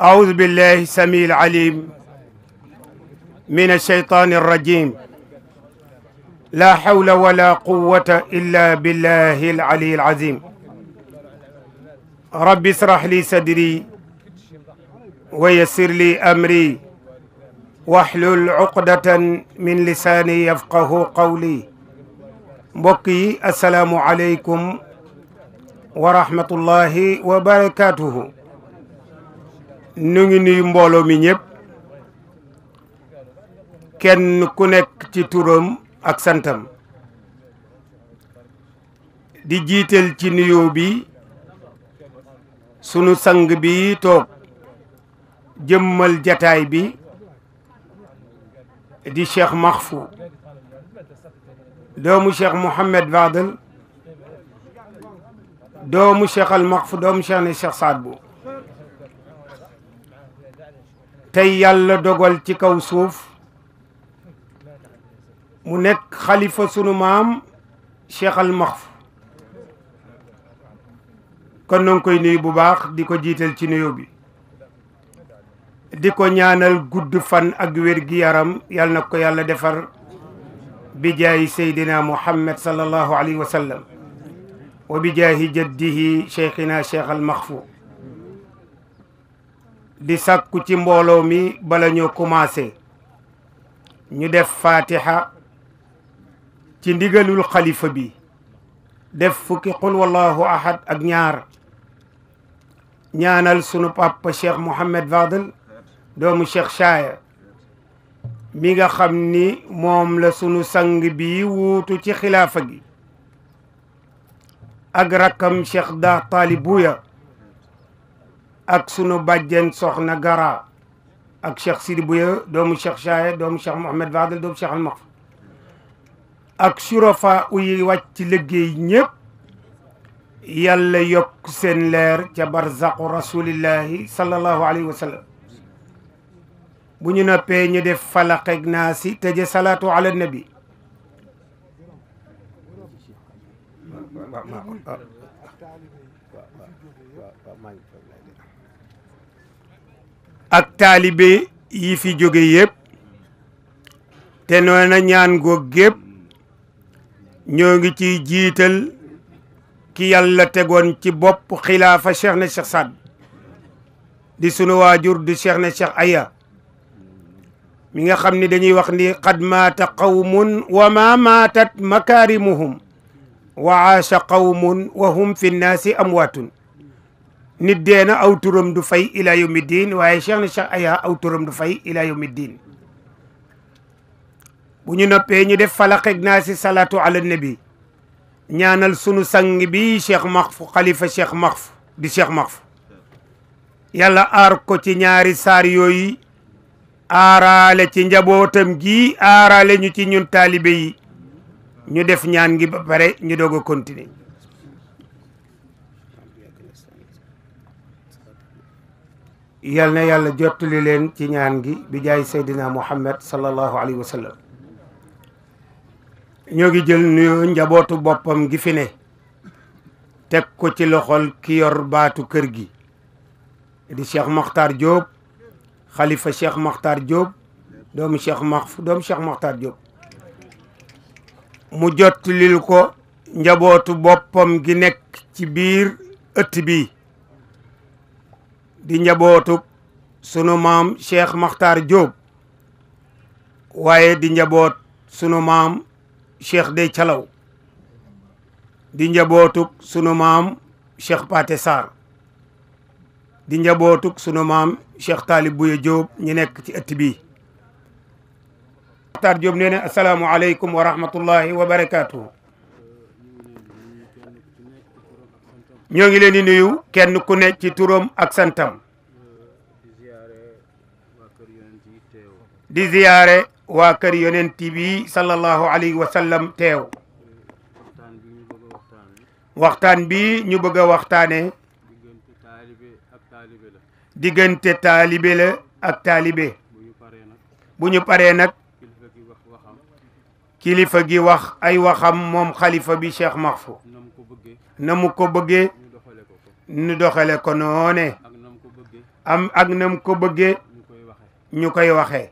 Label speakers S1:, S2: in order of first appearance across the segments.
S1: أعوذ بالله السميع العليم من الشيطان الرجيم لا حول ولا قوة إلا بالله العلي العظيم رب اشرح لي صدري ويسر لي أمري واحلل عقدة من لساني يفقه قولي mbokk السلام عليكم ورحمة الله وبركاته nu ngi nuyu mbooloo mi ñëpp kenn ku nekk ci turam ak santam di jiital ci nuyoo bi sunu sang bi toog jëmmal jataay bi di Cheikh Mahfou doomu Cheikh Mouhamed Fadel doomu Cheikh Al Mahfou doomu Cheikh ne Cheikh Saad Bou tey yàlla dogal ci kaw suuf mu nekk xalifa sunu maam Cheikh Al Maxf kon noo ngi koy nuyu bu baax di ko jiital ci nuyu bi di ko ñaanal gudd fan ak wér gi yaram yàlla na ko yàlla defar bi jaayi seydina muhammad sallallahu alayhi wa sallam wa bi jaayi jaddihi cheikhina cheikh al maxfu di sàkku ci mbolo mi bala ñu commencé ñu def fatiha ci ndigalul khalifa bi def fukki qul wallahu ahad ak ñaar ñaanal sunu papa cheikh Mouhamed Fadel doomu cheikh shaya mi nga xamni mom la sunu sang bi wuutu ci khilafa gi ak rakam cheikh da talibuya ak sunu badjen soxna Gara ak Cheikh Sidi buye doomu Cheikh Chaye doomu Cheikh mohammed Vadel doomu Cheikh Almaf ak surafa uyi wàcc liggey ñëpp yàlla yok sen leer ca barzaq rasulillah sallallahu alayhi wasallam sallam bu ñu noppee ñu def falaqeg naa si tëje salatu ala nabi ak talibé yi fi jóge yëpp te noona ñaan goog gépp ñoo ngi ciy jiital ki yàlla tégon ci bop khilafa cheikh ne cheikh sad di sunu wajur di cheikh ne cheikh Aya mi nga xamni dañuy wax ni qad mata qawmun wa ma matat makarimuhum wa asha qawmun wa hum fi an nnaasi amwatun nit dee na aw turam du fay ila yawmi diin waaye cheikh na cheikh aya aw turam du fay ila yawmi diin bu ñu noppee ñu def falaqeeg naa si salaatu ala nabi ñaanal sunu sang bi cheikh maxfu xalifa cheikh maxfu di cheikh maxfu yàlla aar ko ci ñaari saar yooyu aaraale ci njabootam gi aarale ñu ci ñun taalibe yi ñu def ñaan gi ba pare ñu doog a yal na yàlla jottali leen ci ñaan gi bi jaay seydina muhammad sallallahu alayhi wa ñoo ngi jël nuyoo njabootu boppam gi fi ne teg ko ci loxol ki yor baatu kër gi di cheikh Makhtar Diop xalifa cheikh Makhtar Diop doomu cheikh Makhtar Diop mu jottalil ko njabootu boppam gi nekk ci biir ëtt bi di njabootub sunu maam Cheikh Makhtar Diop waaye di njaboot sunu maam Cheikh Dey Calaw di njabootub sunu maam Cheikh Paté Sarr di njabootuk sunu maam Cheikh Talib Bouye Diop ñi nekk ci ëtt bi Makhtar Diop nee ne asalaamualeykum wa rahmatullahi wa barakaatu. ñoo ngi leen di nuyu kenn ku ne ci turam ak santam di ziyaare waa kër yonent bi sallallahu alayhi wa teew waxtaan bi ñu bëgg a waxtaane diggante taalibe la ak taalibe bu ñu paree nag kilifa gi wax ay waxam moom xalifa bi Cheikh Mahfou na ko bëggee ñu doxale ko noone am ak nam ko bëggee ñu koy waxee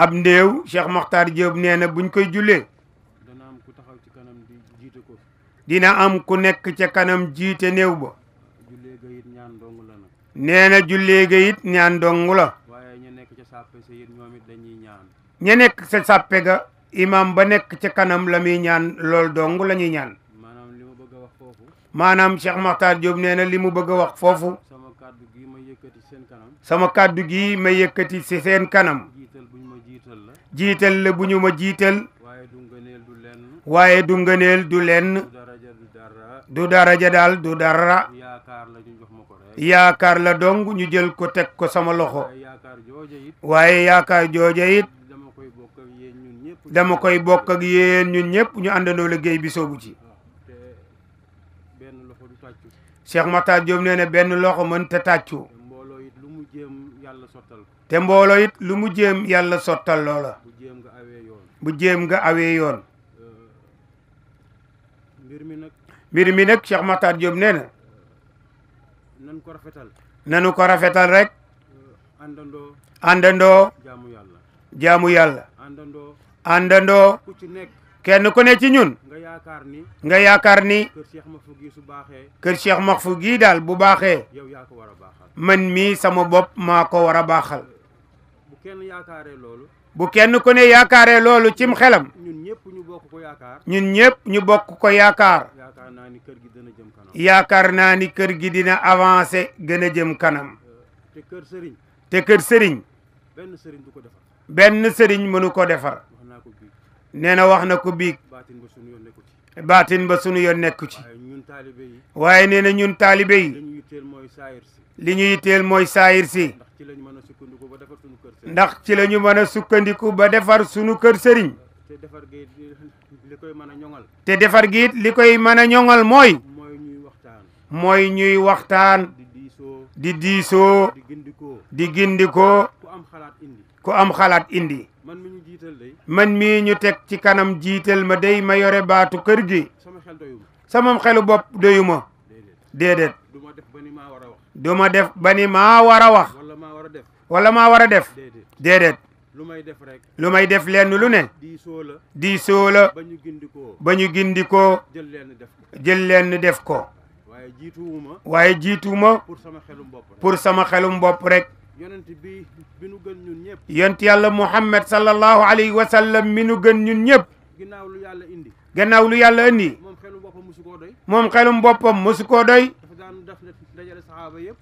S1: ab neew Cheikh mokhtar Diop nee buñ koy jullee dina am ku nekk ci kanam jiite neew ba nee na ga it ñaan dong la ña nekk sa sàppe ga imam ba nekk ca kanam la muy ñaan loolu dong Manam ñuy ñaan maanaam fofu Makhtar Diop nee na li mu bëgg wax foofu sama kàddu gi ma yëkkati ci seen kanam jiital la bu ñu ma jiital waaye du ngëneel du lenn du daraja daal du dara la dong ñu jël ko ko sama loxo it dama koy bokk ak yéen ñun ñëpp ñu àndandoo liggéey bi soobu ci Cheikh Makhtar Diop nee na benn loxo mënta tàccu te mbooloo it lu mu jéem yàlla sottal loola bu jéem nga awee yoon mbir mi nag Cheikh Makhtar Diop nee na
S2: nanu ko rafetal
S1: nanu ko rafetal rek àndandoo jaamu yàlla jaamu yàlla Andando, kenn ku ne ci ñun nga yaakar ni keur Cheikh Mahfou dal daal bu baxé man mi sama bop mako wara baxal bu kenn ku ne yaakaré lolu cim xelam ñun ñepp ñu bokk ko yaakar
S2: ñun ñëpp
S1: ni kër gi dina avancé gën jëm kanam te kër defar ben serigne mënu ko defar nee na wax na ko biig baatin ba sunu yoon nekku ci waaye nee na ñun taalibe yi li ñu yitteel mooy saayir si ndax ci la ñu mën a sukkandiku ba defar sunu kër sëriñ te defar gi it li koy mën a ñoŋal mooy mooy ñuy waxtaan di diisoo di gindikoo ku am xalaat indi man mi ñu jiital day man mii ñu teg ci kanam jiital ma day ma yore baatu kër gi sama xelu bopp doyu ma déedéet du ma def ba ni maa war a wax wala maa war a def déedéet lu may def rek lu may def lenn lu ne di soola ba ñu gindikoo ba ñu gindikoo jël lenn def ko waaye jiituwuma waaye jiituwuma sama xelum bopp rek yonent yalla muhammad sallallahu Alaihi Wasallam minugen gën ñun ñëpp gannaaw lu yalla indi gannaaw lu indi xelum bopam musuko doy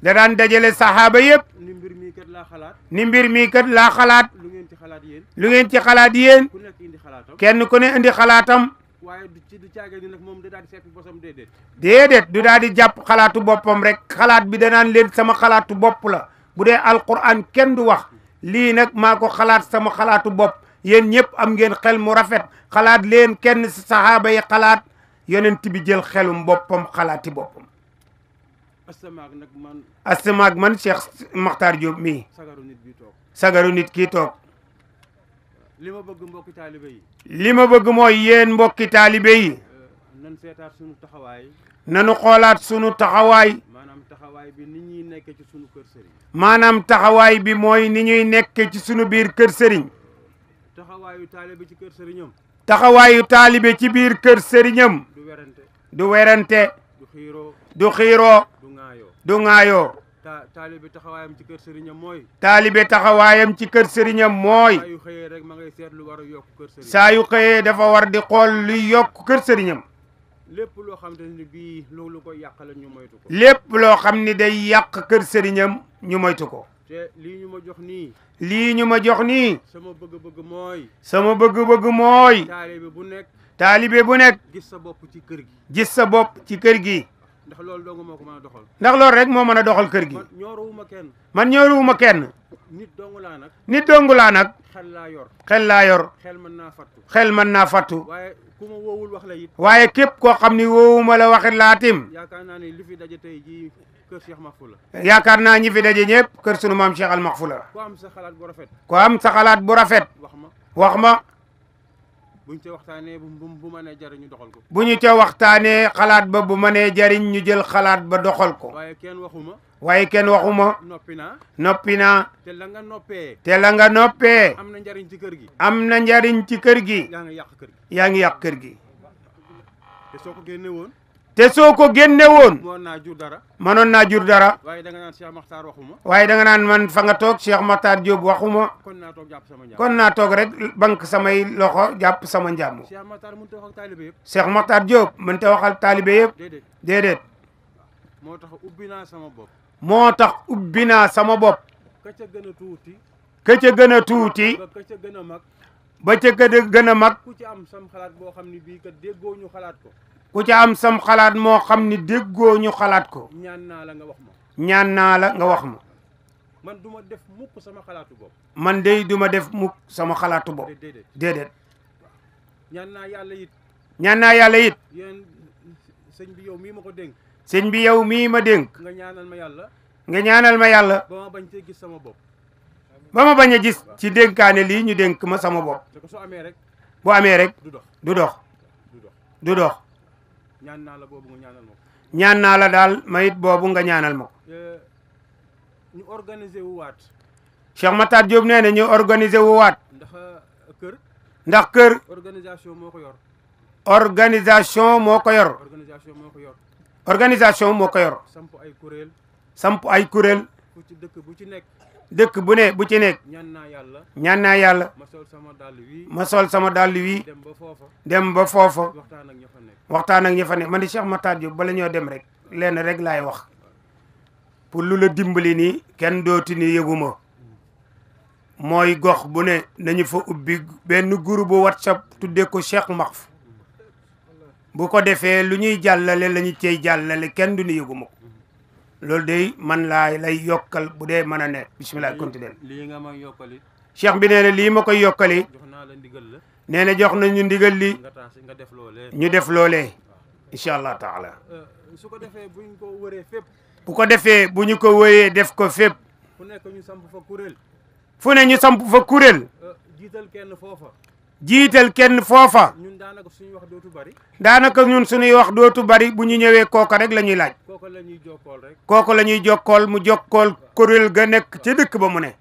S1: da daan dajale sahaba yëpp ni mbir mi kat la xalaat lu ngeen ci xalaat yeen kenn ku ne indi xalaatam dedet di du xalaatu boppam rek xalaat bi danaan leen sama xalaatu bopp la bu dee alquran kenn du wax lii nag maa ko xalaat sama xalaatu bopp yéen ñëpp am ngeen xel mu rafet xalaat leen kenn si sahaaba yi xalaat yonent bi jël xelum boppam xalaati boppam astamaag man Cheikh Makhtar Diop mii sagaru nit kii toog
S2: li ma bëgg mbokki taalibe yi
S1: li ma bëgg mooy yéen mbokki taalibe yi nan seetaat sunu taxawaay. nanu xoolaat sunu taxawaay. maanaam taxawaay bi ni ñuy nekkee ci sunu kër sëriñ. maanaam taxawaay bi mooy ni ñuy nekke ci sunu biir kër sëriñ. taxawaayu taalibe ci kër sëriñam. taxawaayu taalibe ci biir kër sëriñam. du werante du werante. du xiiroo du taalibe taxawaayam ci kër sëriñam mooy. taalibe ci kër sëriñam mooy. saa yu xëyee dafa war di xool luy yokk kër sëriñam.
S2: lépp loo xam ne bii loolu ko yàq ñu
S1: moytu ko. lépp loo xam ni day yàq kër sëriñam ñu moytu ko.
S2: te lii ñu ma jox nii.
S1: lii ñu ma jox nii.
S2: sama bëgg-bëgg mooy.
S1: sama bëgg-bëgg mooy.
S2: taalibe bu nekk.
S1: taalibe bu nekk.
S2: gis sa bopp ci kër gi.
S1: gis sa bopp ci kër gi. ndax loolu dong moo ko mën a doxal. ndax loolu rek moo mën a doxal kër gi. man ñooruwuma kenn. man ñooruwuma kenn. nit dong laa nag. nit dong laa nag. xel laa yor. xel laa yor. xel mën naa fattu. xel mën naa fattu. waaye ku ma woowul wax la waaye képp koo xam ni woowuma la waxit laa tim.
S2: yaakaar naa ne li fi daje tey jii kër Cheikh Mahfou la.
S1: yaakaar naa ñi fi daje ñëpp kër sunu maam Cheikh Al Mahfou la.
S2: ku am sa xalaat bu rafet.
S1: ku am sa xalaat bu rafet. wax ma.
S2: buñ ca waxtaanee bu mënee jariñ doxal ko.
S1: bu ñu ca waxtaanee xalaat ba bu mënee jariñ ñu jël xalaat ba doxal ko.
S2: waaye kenn waxuma.
S1: waaye kenn waxuma. noppi naa. noppi naa. te la nga noppee. la nga noppee. am
S2: na njariñ ci kër gi.
S1: am na njariñ ci kër gi. yaa ngi yàq kër gi. yaa ngi yàq kër gi. te soo ko génne woon mënoon naa jur dara waaye da nga naan Cheikh Makhtar waxuma waaye da naan man fanga nga toog Cheikh Makhtar Diop waxuma kon naa toog rek bank samay loxo jàpp sama njàmm Cheikh Makhtar Diop mën ta waxal taalibe yëpp déedéet
S2: moo tax ubbi naa sama bopp
S1: moo tax ubbi naa sama bopp
S2: ca gën a tuuti
S1: ka ca gën a tuuti ba gën a mag ba ca gën a mag
S2: ku ci am sam xalaat boo xam ne bii kat déggoo ñu xalaat ko
S1: ku ca am sam xalaat moo xam ni déggoo ñu xalaat ko
S2: ñaan naa la nga wax ma
S1: ñaan naa la nga wax ma
S2: man duma def mukk sama xalaatu bopp
S1: man day duma def mukk sama xalaatu bopp déedéet
S2: ñaan naa yàlla it
S1: ñaan naa yàlla it
S2: sëñ bi yow mii ma ko dénk
S1: sëñ bi yow mii ma dénk nga ñaanal ma yàlla nga ñaanal ma yàlla
S2: ba ma bañ cee gis sama bopp
S1: ba ma bañ a gis ci dénkaane lii ñu dénk ma sama bopp su amee rek bu amee rek dox du dox du dox
S2: ñaan naa la boobu ñaanal ma
S1: ñaan naa la daal mayit boobu nga ñaanal ma ko.
S2: Eh, ñu organiser wu waat.
S1: Cheikh Matar Diop nee na ñu organiser wu waat. ndax eh, kër. ndax kër. organisation moo ko yor. organisation moo ko yor. organisation moo yor. organisation moo ko yor.
S2: samp ay kuréel.
S1: samp ay kuréel.
S2: ci dëkk bu ci nekk.
S1: dëkk bu ne bu ci nekk ñaan naa yàlla ma sol sama dàll wii dem ba foofa waxtaan ak ña fa ne man di Cheikh Matar Diop bala ñoo dem rek leen rek laay wax pour lu la dimbali nii kenn dootu ni yëguma mooy gox bu ne nañu fa ubbi benn groupe bu whatsapp tuddee ko Cheikh Maxf bu ko defee lu ñuy jàllale la ñu cey jàllale kenn du ni yëguma loolu dey man laa lay yokkal bu dee man a ne bisimilah continuer
S2: lii nga ma yokkali
S1: cheikh bi nee na lii ma koy yokkali jox
S2: naa la ndigal la
S1: nee na jox nañu ndigal li nga def ñu def loolee incha allah taala
S2: euh, su ko defee bu ñu ko wëree fépp
S1: bu ko defee bu ñu ko wëree def ko fépp
S2: fu nekk ñu samp fa kuréel
S1: fu ne ñu samp fa kuréel euh, jiital kenn foofa jiital kenn foofa daanaka ñun suñuy wax dootu bari bu ñu ñëwee kooka rek la ñuy laaj kooka la ñuy jokkool mu jokkool kuréel ga nekk ci dëkk ba mu ne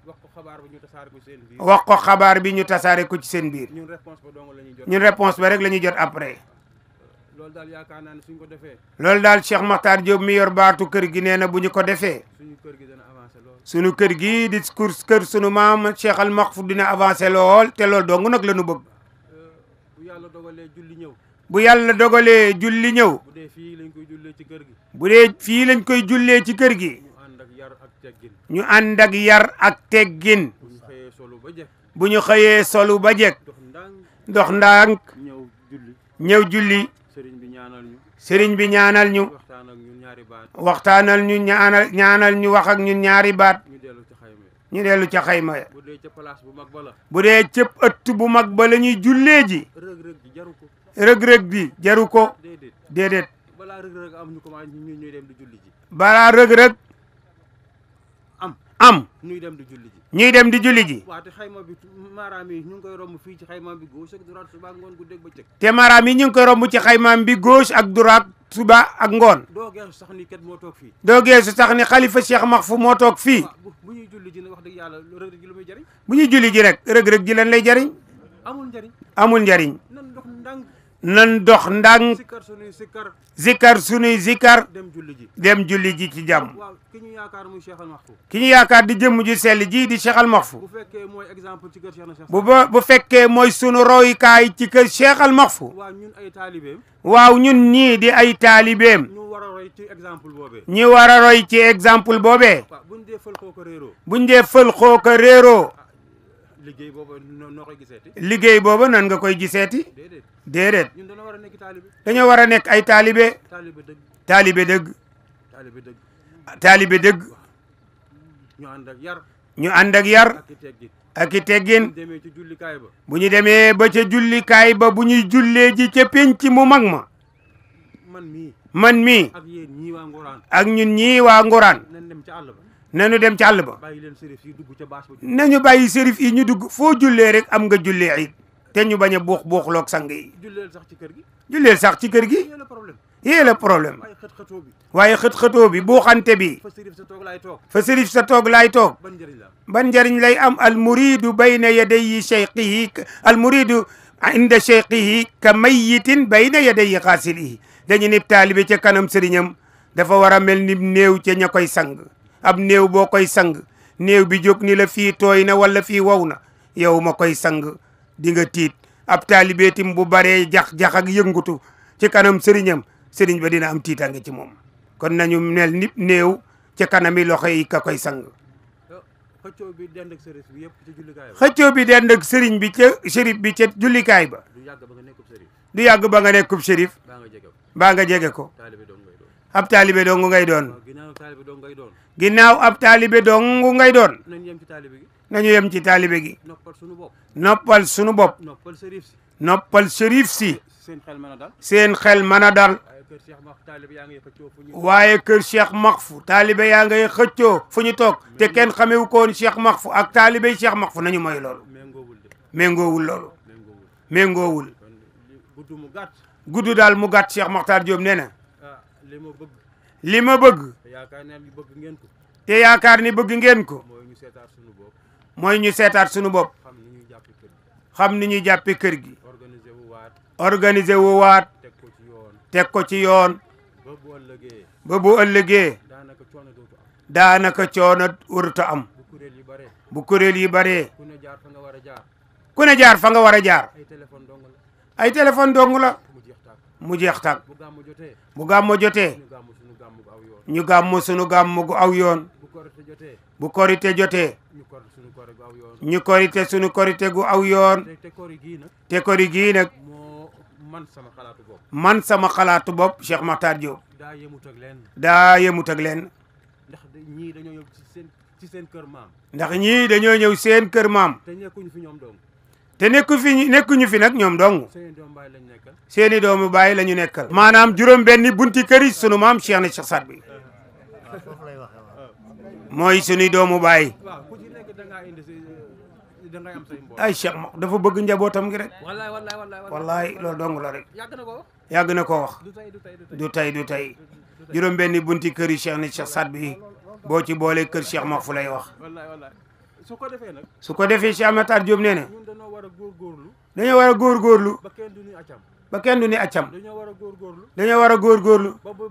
S1: wax ko xabaar bi ñu tasaare ko ci seen biir ñun réponse ba rek la ñuy jot après
S2: euh,
S1: loolu daal Cheikh Makhtar Diop mi yor baatu kër gi nee na bu ñu ko defee sunu kër gi di course kër sunu maam Cheikh Al Mahfoud dina avancé lool te loolu dong nag la ñu bëgg. bu yàlla dogalee julli ñëw. bu yàlla dogalee julli ñëw. bu dee fii lañ koy jullee ci kër gi. bu fii lañ koy jullee ci kër gi. ñu ànd ak yar ak teggin. ñu ànd yar ak teggin. bu ñu xëyee solu ba jekk. bu ñu xëyee solu ba jekk. ñëw julli. ñëw julli. sëriñ bi ñaanal ñu. sëriñ bi ñaanal ñu. waxtaanal ñu ñaanal ñu wax ak ñun ñaari baat ñu dellu ca xayma ya
S2: bu dee ca place bu mag ba la
S1: bu dee ca bu mag ba la ñuy jullee ji rëg-rëg bi jaru ko déedéet balaa rëg-rëg am ñu commencé dem di julli ji balaa rëg-rëg am am ñuy dem di julli ñuy dem di julli ji te xayma bi maaraam yi ñu ngi koy romb fii ci xaymaam bi gauche ak droite suba ak ngoon guddi ak bëccëg te maaraam yi ñu bi gauche ak droite suba ak ngoon doo geesu sax ni kat moo toog fii doo geesu sax ni xalifa Cheikh Mahfou moo toog fii bu ñuy julli ji wax dëgg yàlla rëg-rëg ji lu muy jëriñ bu ñuy julli ji rek rëg-rëg ji leen lay jëriñ amul njariñ amul njëriñ nan dox ndànk zikar sunuy zikar dem julli ji ci jàmm ki ñu yaakaar di jëmm ji sell ji di Cheikh Al Maxfu bu ba bu fekkee mooy ka royukaay ci kër Cheikh Al Maxfu waaw ñun ñii di ay taalibeem ñi war a roy ci exemple boobee buñ dee fël xoo ko réeroo liggéey booba nan nga koy giseti dedet dañu wara nek ay talibé talibé deug talibé deug
S2: ñu and ak yar
S1: ñu ak yar ak teggin bu ñu ba ca kay ba bu ñuy jullee ji ca penc mu man mi man mi ak ñun ñi wa ngoran nañu dem ci ba nañu bayyi serif yi ñu dugg fo rek am nga jullee ay te ñu bañ a buux buuxloog sang yi. julleel sax ci kër gi. julleel sax ci kër gi. yee la problème. waaye xët-xëtoo bi buuxante bi. fa sërif sa toog laay toog. ban njëriñ lay am al muridu bayna yadayi cheikhihi al muridu inda cheikhihi ka bayna yadayi xaasilihi dañu nib taalibe ca kanam sëriñam dafa war mel ni néew ca ña sang ab néew boo sang néew bi jóg ni la fii tooy wala fii wow yow ma sang. di nga tiit ab taalibeetim bu baree jax-jax ak yëngutu ci kanam sëriñam sëriñ ba dina am tiitange ci moom kon nañu mel nip néew ci kanami loxo yi ka koy sang
S2: xëccoo bi dend ak sëriñ bi
S1: ba xëccoo bi dend ak sëriñ bi ca shérif bi ca jullikaay ba du yàgg ba nga nekkub shérif baa nga jege ko ab taalibe dong ngay doon ginnaaw ab taalibe dong ngay doon nañu yem ci taalibe gi noppal sunu bopp noppal shérif si seen xel mën a dal waaye kër Cheikh fu taalibe yaa ngay xëccoo fu ñu toog te kenn xamewu koon Cheikh Maxfu ak taalibe Cheikh Maxfu nañu mooy loolu méngoowul loolu méngoowul gudd daal mu gàtt Cheikh Maxtaar Diop nee na ah, li ma bëgg te yaakaar ni bëgg ngeen ko mooy ñu seetaat suñu bopp xam ni ñuy jàppe kër gi organiser wu waat teg ko ci yoon ba bu ëllëgee daanaka coono waruta am bu kuréel yi baree ku ne jaar fa nga war a jaar ay téléphone dong la mu jeex tàkk bu gàmmo jotee ñu gàmmo sunu gàmm gu aw yoon bu korite jotee ñu korite sunu korite gu aw yoon te kori gii nag man sama xalaatu bopp Cheikh Makhtar Diop daa yemut ak leen ndax ñii dañoo ñëw ci seen kër maam ndax te fi nekku fi nekkuñu fi nag ñoom dong seeni doomu baay la nekkal maanaam juróom benni bunti yi sunu maam Cheikh na Cheikh Saad bi
S2: mooy doomu baay
S1: ay Cheikh ma dafa bëgg njabootam gi rek wallaay loolu dong la rek yàgg na koo wax du tey du tey juróom benni bunti kër yi Cheikh ni Cheikh Saad bi boo ci boolee kër Cheikh ma fu lay wax su ko defee nag su ko defee Cheikh Matar Diop nee na dañoo war a góorgóorlu dañoo war a góorgóorlu ba kenn du ni accam ba kenn du ni accam war a góorgóorlu dañoo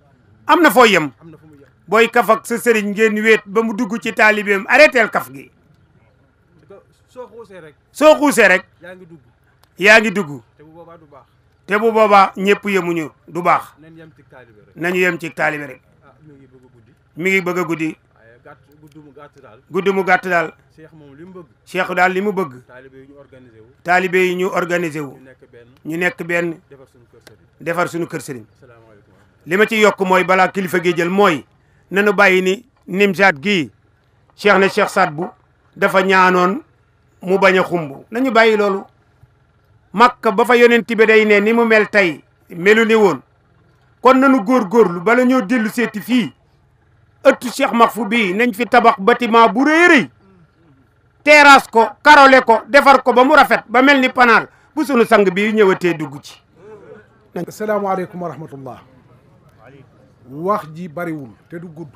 S1: am na foo yem booy kaf ak sa sëriñ ngeen wéet ba mu dugg ci taalibeem arrêteel kaf gi
S2: soo xuusee rek
S1: soo xuusee rek yaa ngi dugg yaa ngi dugg te bu boobaa du baax te bu boobaa ñëpp yemuñu du baax nañu yem ci taalibe rek ah, mi ngi bëgg a guddi
S2: gudd mu gàtt daal cheikh daal li mu bëgg
S1: taalibe yi ñu organisé wu ñu nekk benn defar suñu kër sëriñ li ma ci yokk mooy balaa kilifa gi jël mooy nanu bàyyi ni nimsaat gi cheikh na cheikh saat bu dafa ñaanoon mu bañ a xumb nañu bàyyi loolu màkk ba fa yonent tibe day ne ni mu mel tey melu ne woon kon nanu góorgóorlu bala ñoo dellu seeti fii ëttu cheikh fu bii nañ fi tabax bâtiment bu rëy rëy terrasse ko karole ko defar ko ba mu rafet ba mel ni panaal bu sunu sang bi ñëwatee dugg ci
S3: asalaamaaleykum wa rahmatullah wax ji bariwul te du gudd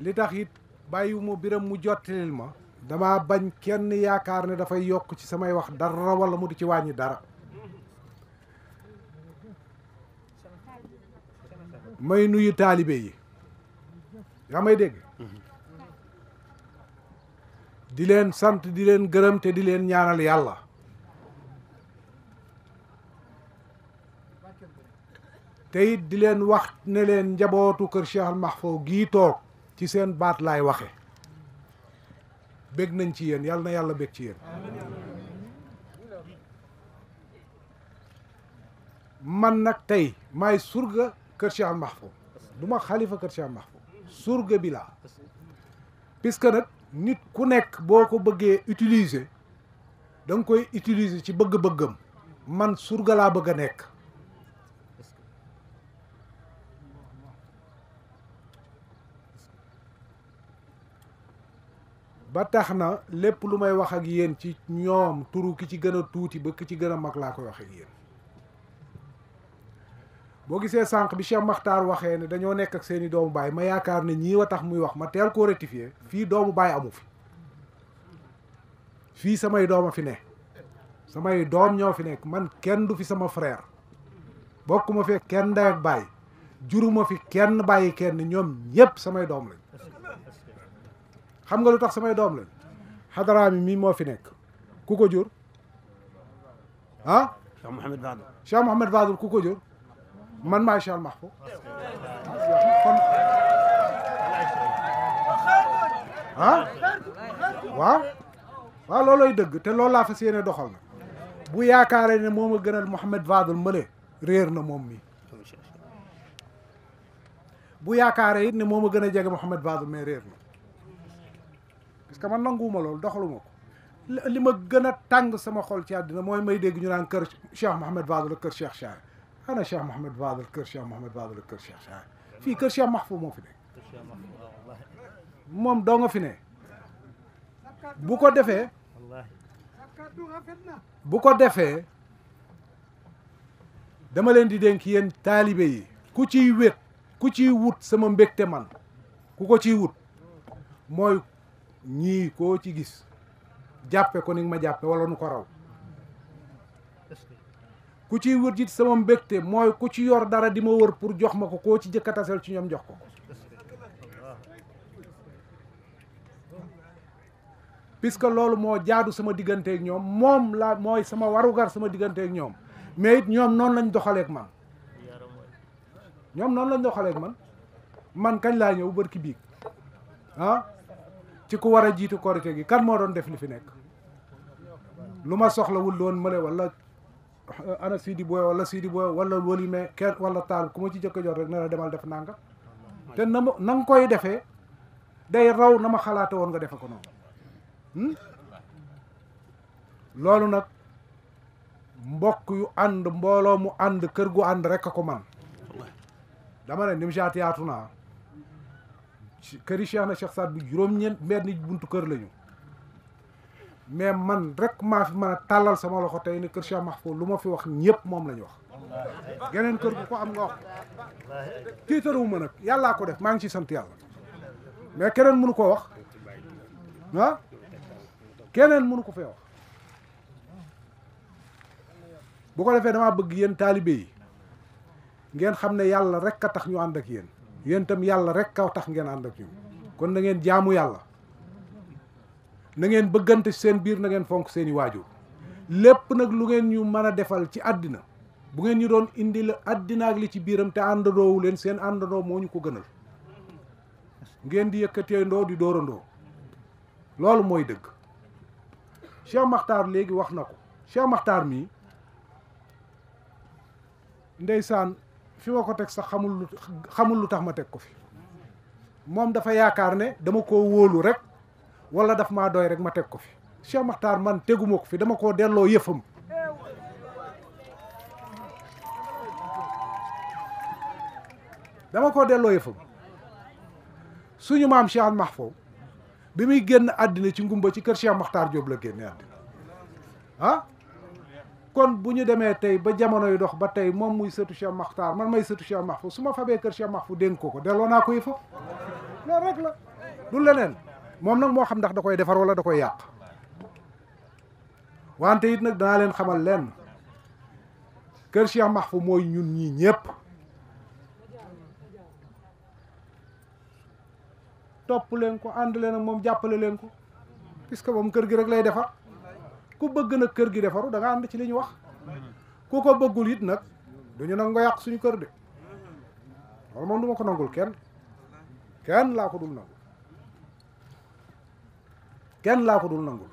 S3: li tax it bàyyiwuma biram mu jottalil ma dama bañ kenn yaakaar ne dafay yokk ci samay wax dara wala mu di ci wàññi dara may nuyu taalibe yi yaa may dégg di leen sant di leen gërëm te di leen ñaanal yàlla te di leen wax ne leen njabootu kër Cheikh Al Mahfou gii toog ci seen baat laay waxe bég nañ ci yéen yàlla na yàlla bég ci yéen man nag tey may surga kër Cheikh Al Mahfou du xalifa kër Cheikh Al Mahfou surga bi laa puisque nag nit ku nekk boo ko bëggee utiliser danga koy utiliser ci bëgg-bëggam man surga laa bëgg a nekk ba tax na lépp lu may wax ak yéen ci ñoom turu ki ci gën a tuuti ba ki ci gën a mag laa koy wax ak yéen boo gisee sànq bi Cheikh Makhtar waxee ne dañoo nekk ak seeni doomu baay ma yaakaar ne ñii a tax muy wax ma teel koo rectifier fii doomu baay amu fi fii samay doom a fi ne samay doom ñoo fi nekk man kenn du fi sama frère bokkuma fi kenn ndey ak baay juruma fi kenn bàyyi kenn ñoom ñépp samay doom lañ xam nga lu tax samay doom lañ xadaraami mi moo fi nekk ku ko jur ah
S1: Cheikh mohammed badou
S3: Cheikh mohammed badou ku ko jur man maay Cheikh Mahfou kon ah wa waaw loolooy dëgg te lol la fas doxal na bu yaakaaree ne moma a gënal Mouhamed Fadel mële réer na mom mi bu yaakaaree ne moma a gën a jege Mouhamed Fadel mais réer na parce que man nanguwuma loolu doxaluma ko li ma gën a tàng sama xol ci àddina mooy may dégg ñu naan kër Cheikh Mouhamed Fadel kër Cheikh Chaye ana Cheikh Mouhamed Fadel kër Cheikh Mouhamed Fadel kër Cheikh Chaye fii kër Cheikh Mahfou moo fi
S2: nekk
S3: moom doo nga fi ne bu ko defee bu ko defee dama leen di dénk yéen taalibe yi ku ciy wét ku ciy wut sama mbégte man ku ko ciy wut mooy ñii koo ci gis jàppe ko ni ma jàppe wala nu ko raw ku ciy wër jit sama mbégte mooy ku ci yor dara di ma wër pour jox ma ko koo ci jëkk a taseel ci ñoom jox ko puisque loolu moo jaadu sama diggante ak ñoom moom la mooy sama warugar sama diggante ak ñoom mais ñoom noonu lañ doxaleek man ñoom noonu lañ doxaleek man man kañ laa ñëw bërki biig ah? ci ku war a jiitu korite gi kan moo doon def li fi nekk lu ma soxlawul loon mële wala eh, ana Sidi Boye wala Sidi Boye wala Wolime kenn wala taal ku ma ci jëkk jot rek na la demal def nanga te na ma na koy defee day raw na ma xalaate woon nga defe ko noonu hmm? loolu nag mbokk yu ànd mbooloo mu ànd kër gu ànd rek a ko man dama ne nim jaatiyaatu naa këri Cheikh na Cheikh Saad bu juróom-ñeent mbeet ni buntu kër lañu mais man rek maa fi mën a tàllal sama loxo tey ni kër Cheikh Mahfou lu ma fi wax ñëpp moom la ñu wax geneen kër bu ko am nga wax kii tëruma nag yàllaa ko def maa ngi ci sant yàlla mais keneen mënu koo wax ah keneen mënu ko fee wax bu ko defee damaa bëgg yéen taalibe yi ngeen xam ne yàlla rek a tax ñu ànd ak yéen yéen yàlla rek kaw tax ngeen ànd ak kon na ngeen jaamu yàlla na ngeen bëggante seen biir na ngeen fonk seeni waajur lépp nag lu ngeen ñu mën a defal ci àddina bu ngeen ñu doon indi la àddina ak li ci biiram te àndandoowu leen seen àndandoo moo ñu ko gënal ngeen di yëkkatee ndoo di dóorandoo loolu mooy dëgg Cheikh léegi wax na ko Cheikh mii ndeysaan fi ma ko teg sax xamul lu tax ma teg ko fi moom dafa yaakaar ne dama ko wóolu rek walla daf ma doy rek ma teg ko fi Cheikh man teguma ko fi dama koo delloo yëfam dama koo delloo yëfam suñu maam Cheikh Mahfou bi muy génn àddina ci ngumba ci kër Cheikh Makhtar Diop la génne àddina ah kon bu ñu demee tey ba jamono yu dox ba tey moom muy sëtu Cheikh Makhtar man may sëtu Cheikh Mahfou su ma fabee kër Cheikh Mahfou dénk ko ko delloo naa ko yi foofu la du leneen moom nag moo xam ndax da koy defar wala da koy yàq wante it nag danaa leen xamal lenn kër Cheikh Mahfou mooy ñun ñii ñëpp topp leen ko ànd leen ak moom jàppale leen ko puisque moom kër gi rek lay defar ku bëgg nag kër gi defaru da nga ànd ci li ñu wax ku ko bëggul it nag duñu nga yàq suñu kër de loolu moom du ma ko nangul kenn kenn laa ko dul nangul kenn laa ko dul nangul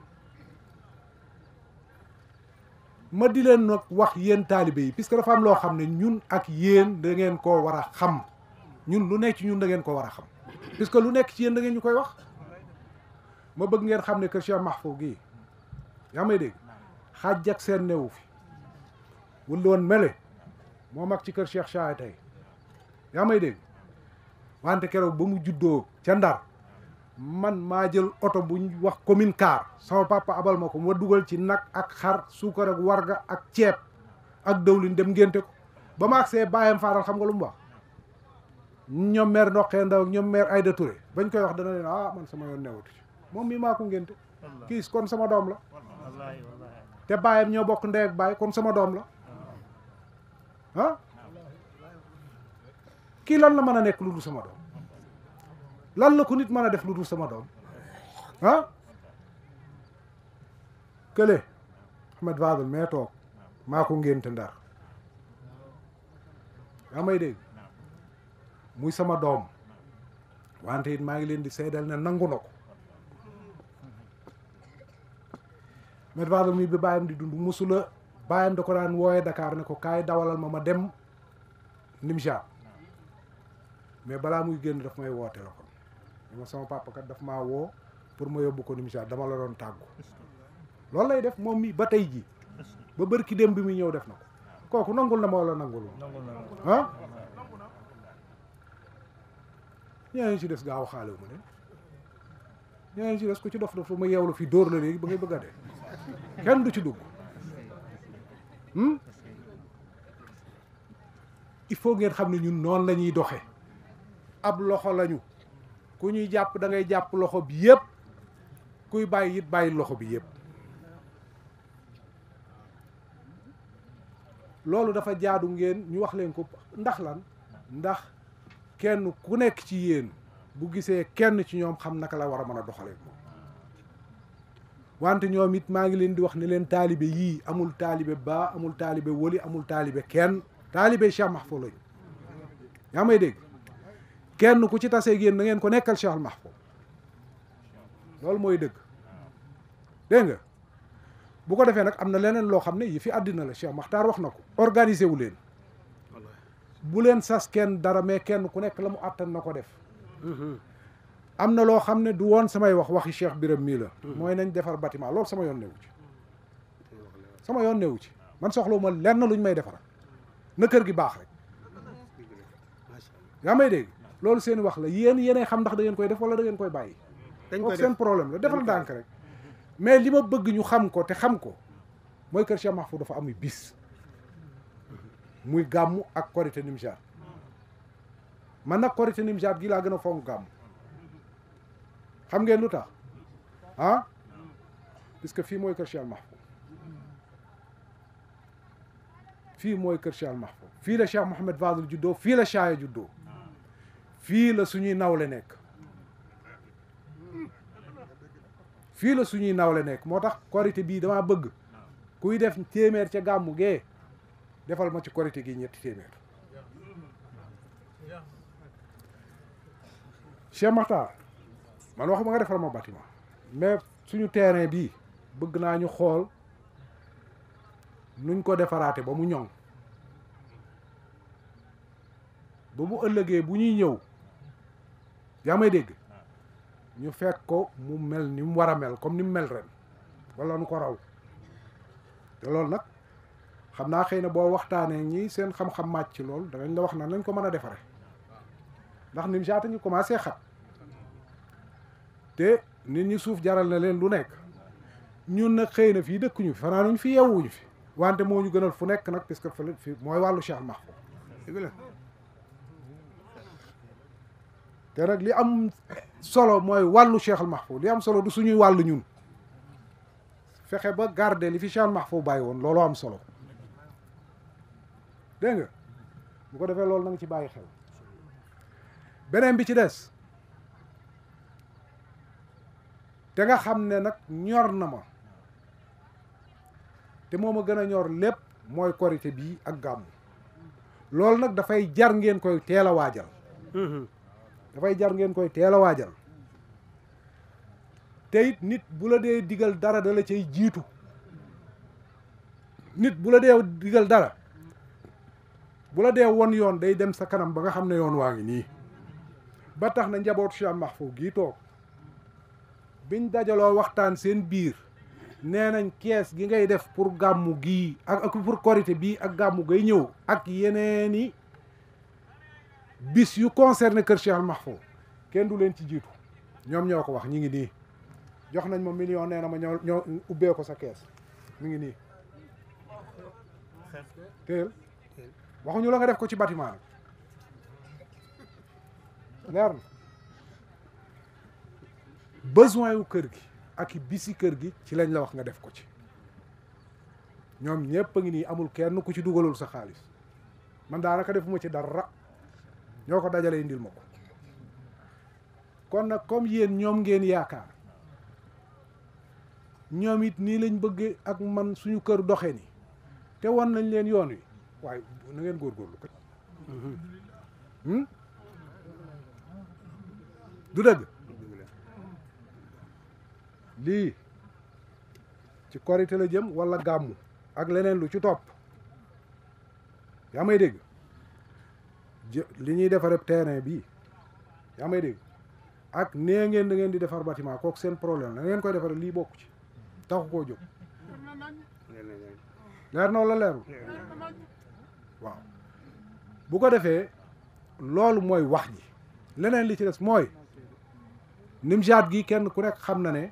S3: ma di leen nag wax yéen taalibe yi puisque dafa am loo xam ne ñun ak yéen da ngeen koo war a xam ñun lu nekk ci ñun da ngeen ko war a xam puisque lu nekk ci yéen da ngeen ñu koy wax ma bëgg ngeen xam ne Cheikh Mahfou gii yamay deg xajj ak sen newu fi wulloon mele mo mak ci kër Cheikh Chaay tay yamay deg wante kéro bu mu juddo ci Ndar man majel jël auto bu ñu wax commune car sama papa abal mako mo duggal ci nak ak xar ak warga ak ceeb ak dëwlin dem ngenté ko ba ma xé bayam faral xam nga lu mu wax ñoom meer ndaw ñom mer Ayda Touré bañ koy wax dana leen ah man sama yoon newatu mom mi mako ngenté kii kon sama doom la te baayam ñoo bokk ndey ak baay kon sama doom la ah. ah kii lan la mën a nekk lu dul sama doom lan la ko nit mën a def lu sama doom ah kële Ahmed mee toog maa ko ngénte ndar yaa may dégg muy sama doom wante it maa ngi leen di seedal ne nangu na ko Maître Wade mi bi bàyyam di dund musula bàyyam da ko daan wooyee dakaar ne ko kaay dawalal ma ma dem Nimja mais balaa muy génn daf may woo téléphone dama sama papa kat daf maa woo pour ma yóbbu ko Nimja dama la doon tàggu loolu lay def moom mi ba tey jii ba bërki dem bi muy ñëw def na ko kooku nangul na ma wala nangul ah ñooñu ci des gaaw xaale wu ma ne ñooñu ci des ku ci dof dof ma yeewlu fi dóor la léegi ba ngay bëgg a dee kenn du ci dugg hmm? il faut ngeen xam ne ñun noon lañuy doxe ab loxo lañu ku ñuy jàpp dangay jàpp loxo bi yëpp kuy bàyyi bàyyi loxo bi yëpp loolu dafa jaadu ngeen ñu wax leen ko ndax lan ndax kenn ku nekk ci yéen bu gisee kenn ci ñoom xam naka la war a mën a doxalee moom وانت نيو ميت ماغي لين دي واخ نيلن طالبي يي امول طالبي با امول طالبي ولي امول طالبي كين طالبي شيخ محفوظ لي يا ماي ديك كين كو تي تاسي ген نين كو نيكال شيخ محفوظ لول موي ديك دنگ بوكو دافي نك امنا لينن لو خامني يفي ادنا لا شيخ مختار واخ نكو اورغانيزي ولين بولين ساس كين دارا مي كين كو نيك لامو اتان نكو ديف am na loo xam ne du woon samay wax waxi Cheikh Biram mii la hmm. mooy nañ defar bâtiment loolu sama yoon newu ci sama yoon newu ci man soxlawu ma lenn luñ may defara na kër gi baax rek yaa may dégg loolu seen wax la yéen yéenay xam ndax da koy def wala da ngeen koy bàyyi kooku seen problème la defal ndànk rek mais li ma bëgg ñu xam ko te xam ko mooy kër Cheikh Mahfou dafa amuy bis muy gàmmu ak korité Nimzaat man nag korité Nimzaat gi laa gën a fonk gàmmu xam ngeen lu tax ah parce que fii mooy kër Cheikh Mahfouz fii mooy kër Cheikh Mahfouz fii la Cheikh Mouhamed Fadel juddoo fii la Chaaya juddoo fii la suñuy nawle nekk fii la suñuy nawle nekk moo tax korité bii damaa bëgg kuy def téeméer ca gàmmu gee defal ma ci korité gi ñetti téeméer Cheikh Makhtar man waxuma nga defar ma bâtiment mais suñu terrain bii bëgg naa ñu xool nuñ ko defaraate ba mu ñoŋ ba mu ëllëgee bu ñuy ñëw yaa may dégg ñu fekk ko mu mel ni mu war a mel comme ni mu mel ren wala nu ko raw te loolu nag xam naa xëy na boo waxtaanee ñi seen xam-xam màcc ci loolu danañ nga wax na nañ ko mën a defare ndax nim jaata ñu commencé xat te nit ñi suuf jaral na leen lu nekk ñun nag xëy na fii dëkkuñu fi fanaanuñ fi yewwuñu fi wante moo ñu gënal fu nekk nag puisque fële fi mooy wàllu Cheikh Mahfouz dëgg li am solo mooy wàllu Cheikh Mahfouz li am solo du suñuy wàllu ñun fexe ba garde li fi Cheikh Mahfouz bàyyi woon looloo am solo dégg nga bu ko defee loolu na ci bàyyi xel beneen bi ci des te nga xam ne nag ñor na ma te moo ma gën a ñor lépp mooy korite bii ak gàmmu loolu nag dafay jar ngeen koy teel a waajal mm-hmm. dafay jar ngeen koy teel a waajal te nit bu la dee digal dara dala la cay jiitu nit bu la dee digal dara bu la dee won yoon day dem sa kanam ba nga xam ne yoon waa ngi nii ba tax na njabootu Cheikh Mahfouz gii giitoo biñ dajaloo waxtaan seen biir nee nañ kees gi ngay def pour gàmmu gii ak pour korité bii ak gàmmu gay ñëw ak yeneeni bis yu concerne kër Cheikh Mahfo kenn du leen ci jiitu ñoom ñoo ko wax ñi ngi nii jox nañ ma million nee na ma ñoo ñoo ubbee ko sa kees mi ngi nii teel waxuñu la nga def ko ci bâtiment besoin yu kër gi ak bisi kër gi ci lañ la wax nga def ko ci ñom ñepp ngi ni amul kenn ku ci dugalul sa xaaliss man naka defuma ci dara ñoko ko dajalee indil ma kon Nyom comme yeen ñom ngeen yaakaar ñom it ni lañ bëgg ak man suñu kër doxé ni té won nañ leen yoon wi way na ngeen hmm du dëgg lii ci korité la jëm wala gàmmu ak leneen lu ci topp yaa may dégg li ñuy defaree terrain bi yaa may dégg ak nee ngeen da ngeen di defar bâtiment kook seen problème la ngeen koy defaree lii bokk ci taxu koo jóg leer na wala leerul waaw bu ko defee loolu mooy wax ji leneen li ci des mooy nimjaat gi kenn ku nekk xam na ne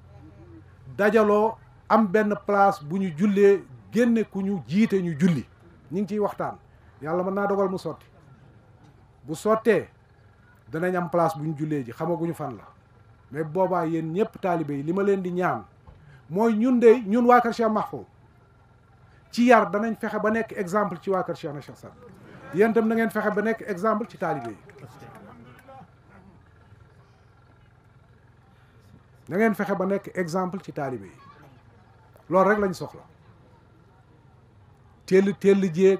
S3: dajaloo am benn place bu ñu jullee génne ku ñu jiite ñu julli ñu ngi ciy waxtaan yàlla mën naa dogal mu sotti bu sottee danañ am place bu ñu jullee ji xamaguñu fan la mais boobaa yéen ñëpp taalibe yi li ma leen di ñaan mooy ñun de ñun waa Kër Cheikh Mahfouz ci yar danañ fexe ba nekk exemple ci waa Kër yentam na ngeen fexe ba nekk exemple ci taalibe yi na ngeen fexe ba nekk exemple ci taalibe yi loolu rek lañ soxla tell tell jéeg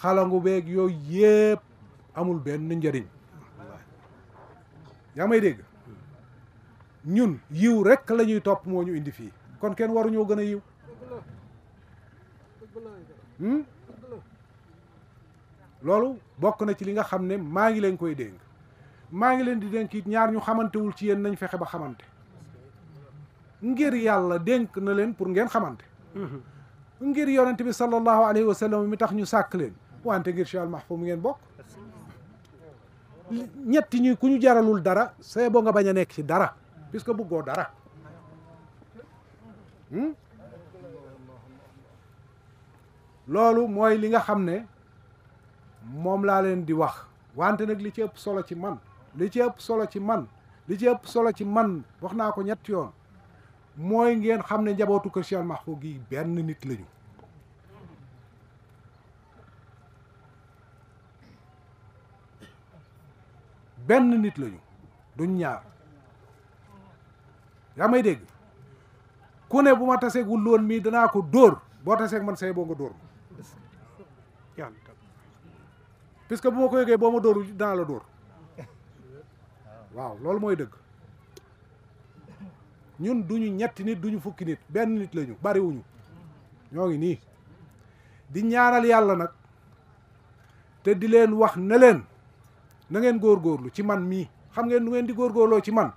S3: xalangu beeg yooyu yépp amul benn njariñ yaa may dégg ñun yiw rek lañuy nyu topp moo ñu indi fii kon kenn waruñoo gën a yiw hmm? loolu bokk na ci li nga xam ne maa ngi leen koy dénk maa ngi leen di dénk it ñaar ñu xamantewul ci yéen nañ fexe ba xamante ngir yàlla dénk na leen pour ngeen xamante ngir yonent bi sallallahu alayhi wa sallam mi tax ñu sàkk leen wante ngir Cheikh Al Mahfoum ngeen bokk ñetti ñi ku ñu jaralul dara see boo nga bañ a nekk ci dara puisque bëggoo dara hmm? loolu mooy li nga xam ne moom laa leen di wax wante nag li ci ëpp solo ci man li ci ëpp solo ci man li ci ëpp solo ci man wax naa ko ñetti yoon moy ngeen xamne ne ko Cheikh Mahfou gi ben nit lañu ben nit lañu duñ ñaar ya may deg ku ne buma ma taseegul loon mi dana ko dóor boo taseeg man say bo nga dor ma puisque buma ko yegge bo ma dor dana la dor waaw loolu moy deug ñun duñu ñetti nit duñu fukki nit benn nit lañu wuñu ñoo ngi nii di ñaanal yàlla nag te di leen wax ne leen na ngeen góorgóorlu ci man mii xam ngeen nu ngeen di góorgóorloo ci man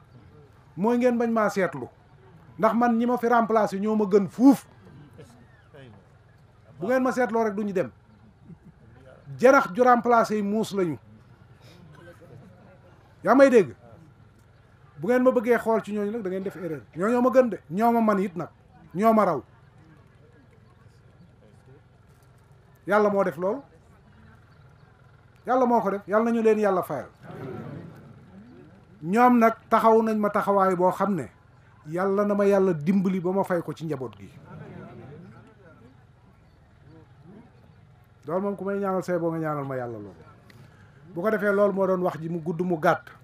S3: mooy ngeen bañ maa seetlu ndax man ñi ma fi remplacer ñoo ma gën fuuf bu ngeen ma seetloo rek duñu dem jarax ju remplacer muus lañu yaa may dégg bu ngeen ma bëggee xool ci ñooñu nag da ngeen def erreur ñooñoo ma gën de ñoo ma man it nag ñoo ma raw yàlla moo def lool yàlla moo ko def yàlla nañu leen yàlla fayal ñoom nag taxaw nañ ma taxawaay boo xam ne yàlla na ma yàlla dimbali ba ma fay ko ci njaboot gi loolu moom ku may ñaanal say boo nga ñaanal ma yàlla loolu bu ko
S1: defee loolu moo doon wax ji mu gudd mu gàtt